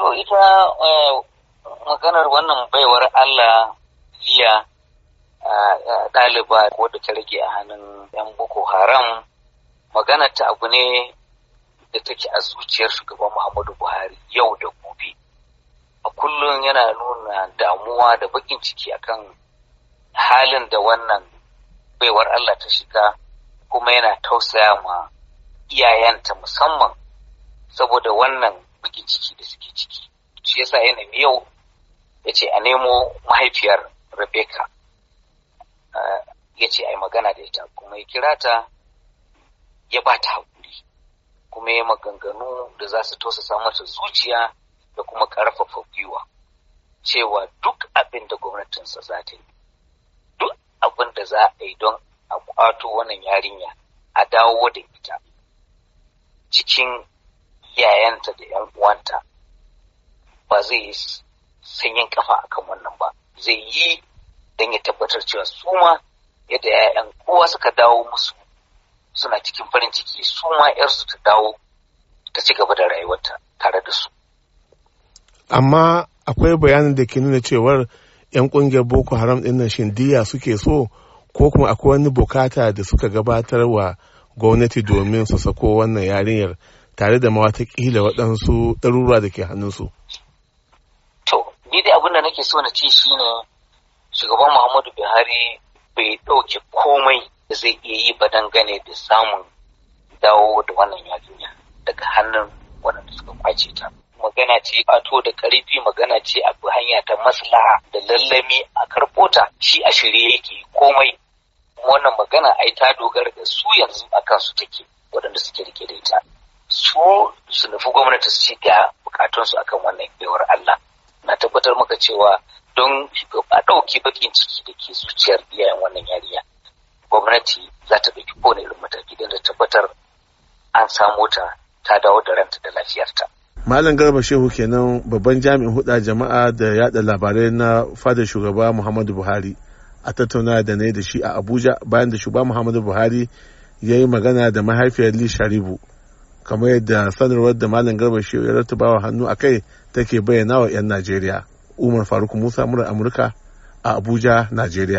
To ita eh, maganar wannan baiwar Allah jiya eh, eh, ɗaliba wadda ta rage a hannun 'yan Boko Haram magana ta abu ne da take a zuciyar shugaban Muhammadu Buhari yau da gobe. A kullum yana nuna damuwa da bakin ciki akan halin da wannan baiwar Allah ta shiga kuma yana tausaya ma iyayenta musamman saboda wannan bakin ciki shi yasa ya nemi yau ya ce a nemo mahaifiyar Rebecca ya ce a yi magana da ita kuma ya kira ta ya ba ta haƙuri kuma ya maganganu da za su samun mata zuciya da kuma ƙarfafa gwiwa cewa duk abin da gwamnatinsa za ta yi duk abin da za a yi don a kwato wannan yarinya a dawo da ita cikin yayanta da 'yan uwanta ba zai yi sanyin kafa akan wannan ba zai yi don ya tabbatar cewa su yadda 'ya'yan kowa suka dawo musu suna cikin farin ciki suma ma 'yarsu ta dawo ta ci gaba da rayuwarta tare da su amma akwai bayanin da ke nuna cewar 'yan kungiyar boko haram din nan shindiya suke so ko kuma akwai wani bukata da suka gabatar wa gwamnati domin su sako wannan yarinyar tare da kila waɗansu ɗaruruwa da ke hannunsu. nake so na ce shine shugaban Muhammadu Buhari bai ɗauke komai da zai iya yi ba dangane da samun dawo da wannan yarinya daga hannun waɗanda suka kwace ta. Magana ce ato da ƙarfi magana ce a hanya ta maslaha da lallami a karbota shi a shirye yake komai. Wannan magana ai ta dogara da su yanzu a kansu take waɗanda suke rike da ita. Su su nufi gwamnati su ce ga bukatunsu akan wannan bewar Allah. cewa don a ɗauki bakin ciki da ke zuciyar iyayen wannan yariya, gwamnati za ta ɗauki kowane irin mataki don da tabbatar an samu ta ta dawo da ranta da lafiyarta. Malam Garba Shehu kenan babban jami'in huda jama'a da yada labarai na fadar shugaba Muhammadu Buhari a tattauna da na da shi a Abuja bayan da shugaba Muhammadu Buhari ya yi magana da mahaifiyar Li Sharibu kamar yadda sanarwar da Malam Garba Shehu ya rattabawa hannu a kai take bayyana wa 'yan Najeriya. umar faruk musa murar amurka a abuja najeriya